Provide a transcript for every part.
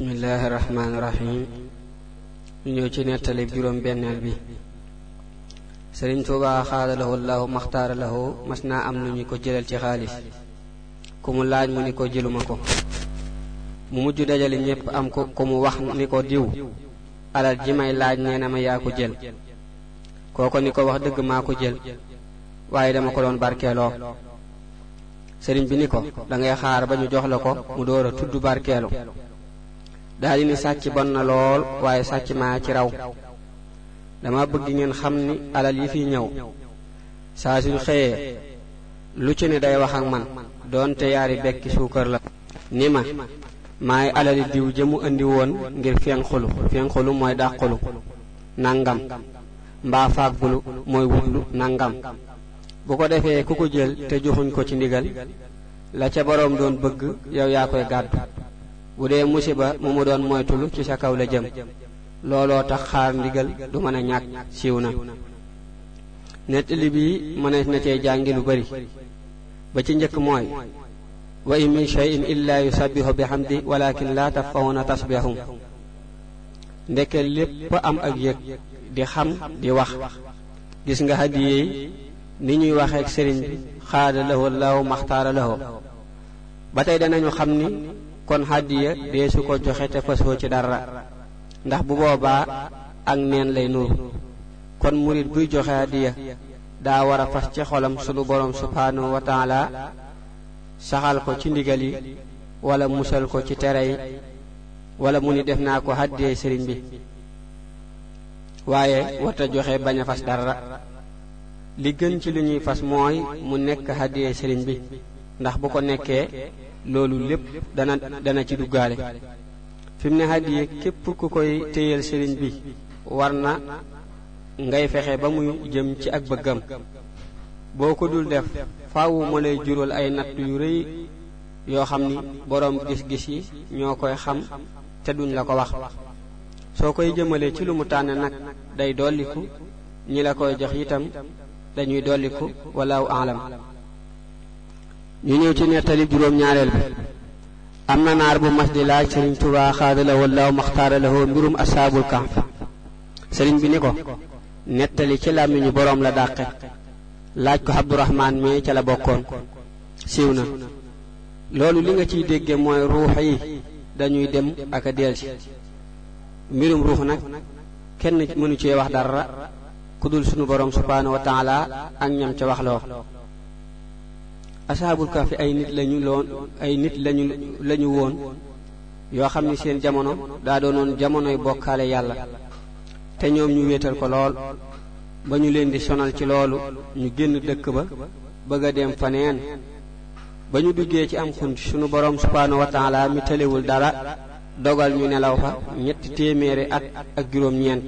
bismillahi rahmaani rahim ñu ñëw ci nettali juróom benneel bi sëriñ Tuubaa xaadalahu lahu mas naa am ñu ko jëlal ci xaalis ku mu laaj mu ni ko jëluma ko mu mujj dajale ñépp am ko ku mu wax ni ko diw alal ji may laaj nee na ma yaa ko jël kooko ni ko wax dëgg maa ko jël waaye dama ko doon barkeeloo sëriñ bi ni ko da ngay xaar ba ñu jox la ko mu door a tudd barkeelu daal di ni sàcc bon na lool waaye sàcc maa ci raw dama bëgg ngeen xam ni alal yi fiy ñëw saa suñ xëyee lu ci ne day wax ak man doonte yaari bekki suukar la ni ma maay alali diw jëmu indi woon ngir fenqulu fenqulu mooy dàqulu nangam mbaa faagbulu mooy wutlu nangam bu ko defee ku ko jël te joxuñ ko ci ndigal la ca boroom doon bëgg yow yaa koy gàddu bu dee musiba mu mu doon moytul ci sa kaw la jëm looloo tax xaar ndigal du mën a ñàkk siiw na nettali bi mënees na cee jàngi lu bari ba ci njëkk mooy wa in min shay'in illa yusabbihu bihamdi walakin la tafqahuna tasbihum ndekkee lépp am ak yëg di xam di wax gis nga hadiye ni ñuy waxeek sëriñ bi xaada law allahu maxtaara lahu ba tey danañu xam ni kon hadiya deesu ko joxe te fasoo ci dara ndax bu boobaa ak neen lay nuru kon murit buy joxe hadiya daa war a fas ci xolam sunu borom subhaanahu wa taala saxal ko ci ndigal yi wala musal ko ci tere yi wala mu ni def naa ko hadiya sëriñ bi waaye warta joxe bañ a fas dara li gën ci li ñuy fas mooy mu nekk hadiya sëriñ bi ndax bu ko nekkee loolu lépp dana dana ci duggaale fi mu ne hadiye képp ku koy téyeel sëriñ bi war na ngay fexe ba muy jëm ci ak bëggam boo ko dul def faawu mu lay jural ay natt yu rëy yoo xam ni boroom gis-gis yi ñoo koy xam te duñ la ko wax soo koy jëmalee ci lu mu tànn nag day dolliku ñi la koy jox itam dañuy dolliku walaaw alam ñu ñëw ci nettali juróom-ñaareel bi am na naar bu mas di laaj sëriñ Tuubaa xaadala wallaahu maxtaara lahu mbirum asaabul kahf sëriñ bi ni ko nettali ci làmmiñu boroom la dàqe laaj ko Abdurahmaan mi ca la bokkoon siiw na loolu li nga ciy dégge mooy ruux yi dañuy dem ak a delsi mbirum ruux nag kenn mënu cee wax dara ku dul sunu boroom subhaanahu wa taala ak ñam ca waxloo ashaabul kahfi ay nit lañu loon ay nit lañu lañu woon yoo xam ni seen jamono daa doonoon jamonoy bokkaale yàlla te ñoom ñu wéetal ko lool ba ñu leen di sonal ci loolu ñu génn dëkk ba bëgg a dem faneen ba ñu duggee ci am xunt sunu borom subhaanahu wa taala mi telewul dara dogal ñu nelaw fa ñetti téeméeri at ak juróom-ñeent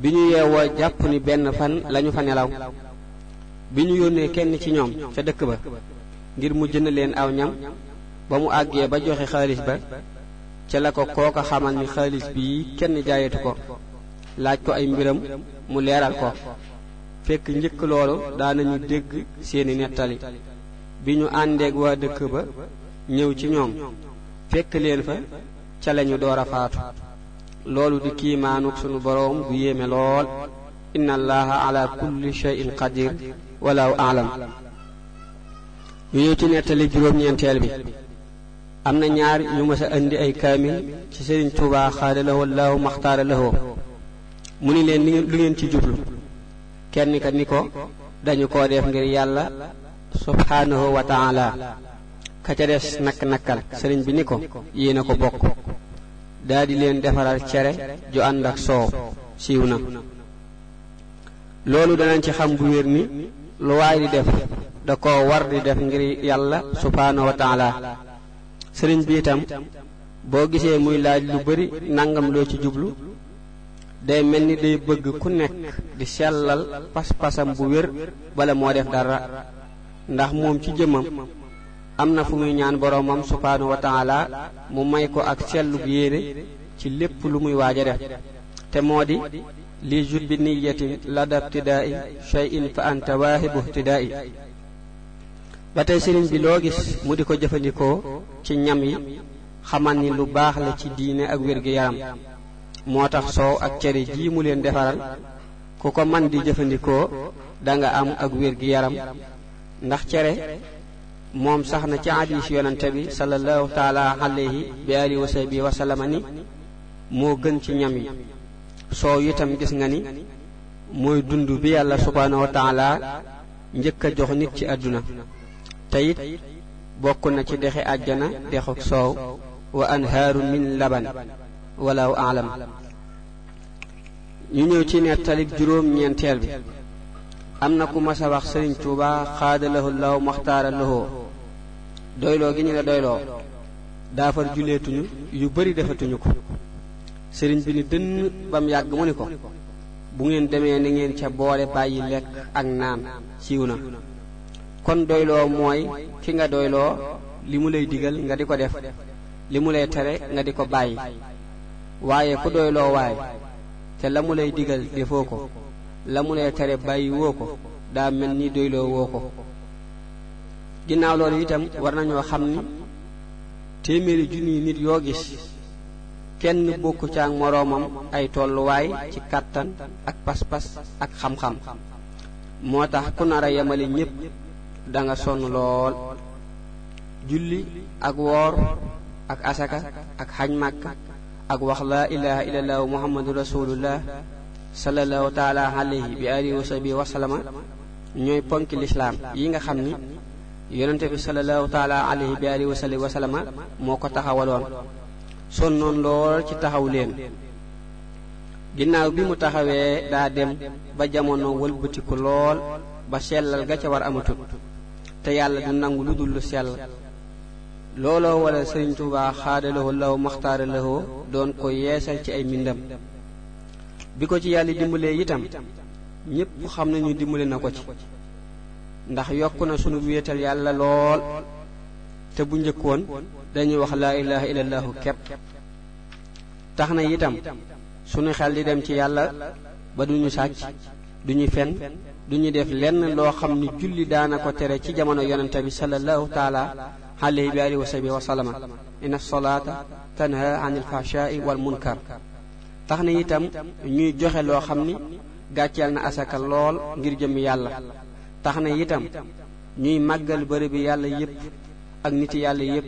bi ñu yeewoo jàpp ni benn fan lañu fa nelaw bi ñu yónnee kenn ci ñoom ca dëkk ba ngir mu jën leen aw ñam ba mu àggee ba joxe xaalis ba ca la ko kooka xamal ni xaalis bii kenn jaayatu ko laaj ko ay mbiram mu leeral ko fekk njëkk loolu daanañu dégg seeni nettali bi ñu àndeeg waa dëkk ba ñëw ci ñoom fekk leen fa ca lañu door a faatu loolu di kiimaanuk sunu boroom bu yéeme lool inna allaha kulli shay'in qadir walaaw aalam yu ñëw ci nettali juróom-ñeenteel bi am na ñaar ñu mës indi ay kaamil ci Sëriñ Tuubaa xaada lahoo laahu maxtaara lahoo mu ni leen lu ngeen ci jublu kenn ka ni ko dañu ko def ngir yàlla subhaanahu wa taala ka ca des nakk-nakkal sëriñ bi ni ko yéen ko bokk daa di leen defaral cere ju ànd ak soow siiw na loolu danañ ci xam bu wér ni lu waay di def da koo war di def ngir yàlla subhaanahu wa taala sëriñ bi itam boo gisee muy laaj lu bari nangam loo ci jublu day mel ni day bëgg ku nekk di sellal pas-pasam bu wér bala moo def dara ndax moom ci jëmmam am na fu muy ñaan boroomam subhaanahu wa taala mu may ko ak sellug yéene ci lépp lu muy waaj a def te moo di li jud bi niyatin lada ibtidaai shay'in fa anta waahibu ibtidaai ba tey sëriñ bi loo gis mu di ko jëfandikoo ci ñam yi xamal ni lu baax la ci diine ak wér-gi-yaram moo tax soow ak cere jii mu leen defaral ku ko man di jëfandikoo danga am ak wér-gi-yaram ndax cere moom sax na ci hadiis yonante bi sallallahu taala alayhi bi alihi wa ni moo gën ci ñam yi soow itam gis nga ni mooy dund bi yàlla subhaanahu wa taala njëkk a jox nit ci àdduna te it bokk na ci dexi àjjana dexu soow wa anhaaru min laban walaw alam ñu ñëw ci nettalib juróom ñeenteel bi am na ku mas wax sëriñ tuuba xaadalahu law maxtaara lahoo doyloo gi ñu la doyloo daafar juleetuñu yu bari defatuñu ko sëriñ bi ni dënn ba mu yàgg mu ni ko bu ngeen demee na ngeen ca boole bàyyi lekk ak naan siiw na kon doyloo mooy ki nga doyloo li mu lay digal nga di ko def li mu lay tere nga di ko bàyyi waaye ku doyloo waay te la mu lay digal defoo ko la mu lay tere bàyyi woo ko daa mel ni doyloo woo ko ginnaaw loolu itam war nañoo xam ni téeméeri junni nit yoo gis kenn bokku ca ak moroomam ay tolluwaay ci kàttan ak pas-pas ak xam-xam moo tax ku nar a yemale ñépp da nga sonn lool julli ak woor ak asaka ak xaj màkka ak wax laa ilaha illallah muhammadu rasulullah sallallahu taala alayhi bi alihi wa sahbi ñooy ponki lislaam yi nga xam ni yonente bi sallallahu taala alayhi bi alihi wa moo ko taxawaloon sonnoon lool ci taxaw leen ginnaaw bi mu taxawee daa dem ba jamono wëlbatiku lool ba sellal ga ca war amatut te yàlla du nangu lu dul lu sell looloo wala sëriñ Tuubaa xaadalawoo law maxtaaralawoo doon ko yeesal ci ay mbindam bi ko ci yàlla dimbalee itam ñépp xam nañu dimbale na ko ci ndax yokk na sunu wéetal yàlla lool te bu njëkkoon dañuy wax laa ilaha illallahu képp tax na itam suñu xel di dem ci yàlla ba duñu sàcc duñu fen duñu def lenn loo xam ni julli daana ko tere ci jamono yonente bi sallallahu taala alayhi bi alihi wa sahbihi wa sallama inna salaata tanha anil fahshai wal munkar tax na itam ñuy joxe loo xam ni gàcceel na asaka lool ngir jëm yàlla tax na itam ñuy màggal bërëb bi yàlla yépp ak niti yàlla yépp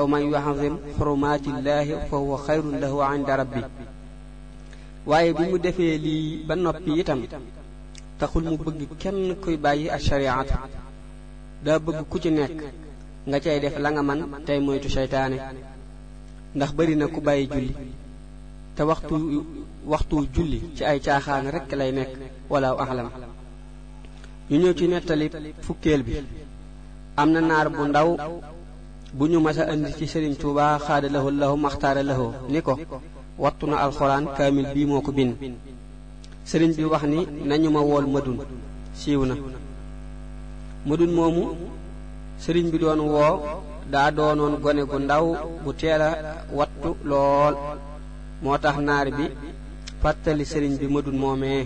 aw man yuazim xurumaatillaahi fa huwa xayrun lahu inda rabbi waaye bi mu defee lii ba noppi itam taxul mu bëgg kenn kuy bàyyi ak shariat daa bëgg ku ci nekk nga cay def la nga man tey moytu seytaane ndax bari na ku bàyyi julli te waxtu waxtu julli ci ay caaxaan rekk lay nekk wala ahlam ñu ñëw ci nettali fukkeel bi am na naar bu ndaw bu ñu mas a indi ci Sëriñ Tuubaa xaada lahu lahu maxtaara lahu ni ko wattu na alxuraan kaamil bii moo ko bind sëriñ bi wax ni nañu ma wool madun siiw na madun moomu sëriñ bi doon woo daa doonoon gone gu ndaw bu teel a wattu lool moo tax naar bi fàttali sëriñ bi madun moomee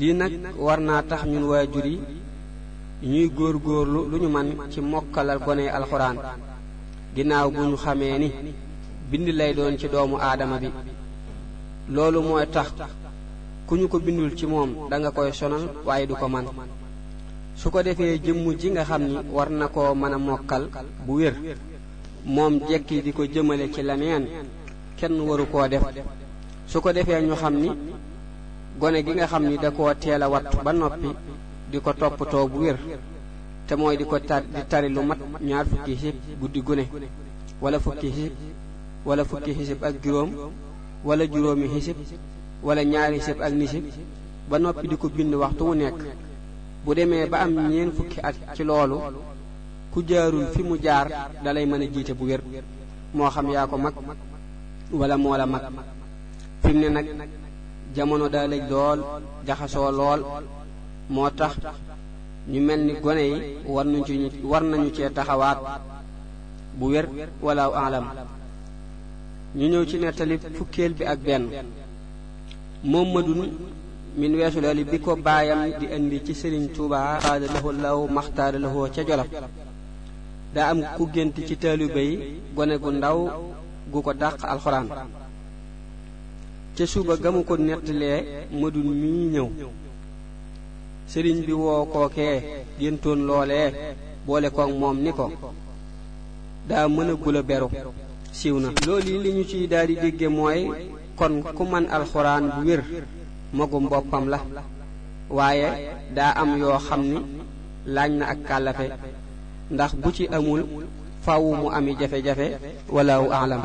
lii nag war naa tax ñun waajur yi ñuy góor góorgóorlu lu ñu man ci mokkalal gone alxuraan ginnaaw bu ñu xamee ni bind lay doon ci doomu aadama bi loolu mooy tax ku ñu ko bindul ci moom danga koy sonal waaye du ko man su ko defee jëmm ji nga xam ni war na koo mën a mokkal bu wér moom jekki di ko jëmale ci leneen kenn waru koo def su ko defee ñu xam ni gone gi nga xam ni da ko teel a wattu ba noppi di ko toppatoo bu wér te mooy di ko tar di tari lu mat ñaar fukki xisib guddi gune wala fukki xisib wala fukki ak juróom wala juróomi xisib wala ñaari xisib ak nisib ba noppi di ko bind waxtu wu nekk bu demee ba am ñeen fukki at ci loolu ku jaarul fi mu jaar dalay mën a jiite bu wér moo xam yaa ko mag wala moo la mag fi mu ne nag jamono daa lëj lool jaxasoo lool moo tax ñu mel ni gone yi war nañu ci cee taxawaat bu wér walaaw alam ñu ñëw ci nettali fukkeel bi ak benn moom madun min weesu loolu bi ko baayam di indi ci sëriñ Tuuba xaada lahu law maxtaara lahu daa am ku gént ci taalibe yi gone gu ndaw gu ko dàq alxuraan ca suba gamu ko nettalee madun mii ñëw sëriñ bi woo kookee géntoon loolee boole koog moom ni ko daa mën a beru siiw na lool yi li ñu ciy daal di dégge mooy kon ku man alxuraan bu wér magum boppam la waaye daa am yoo xam ni laaj na ak kàllafe ndax bu ci amul faawu mu ami jafe-jafe walaawu aalam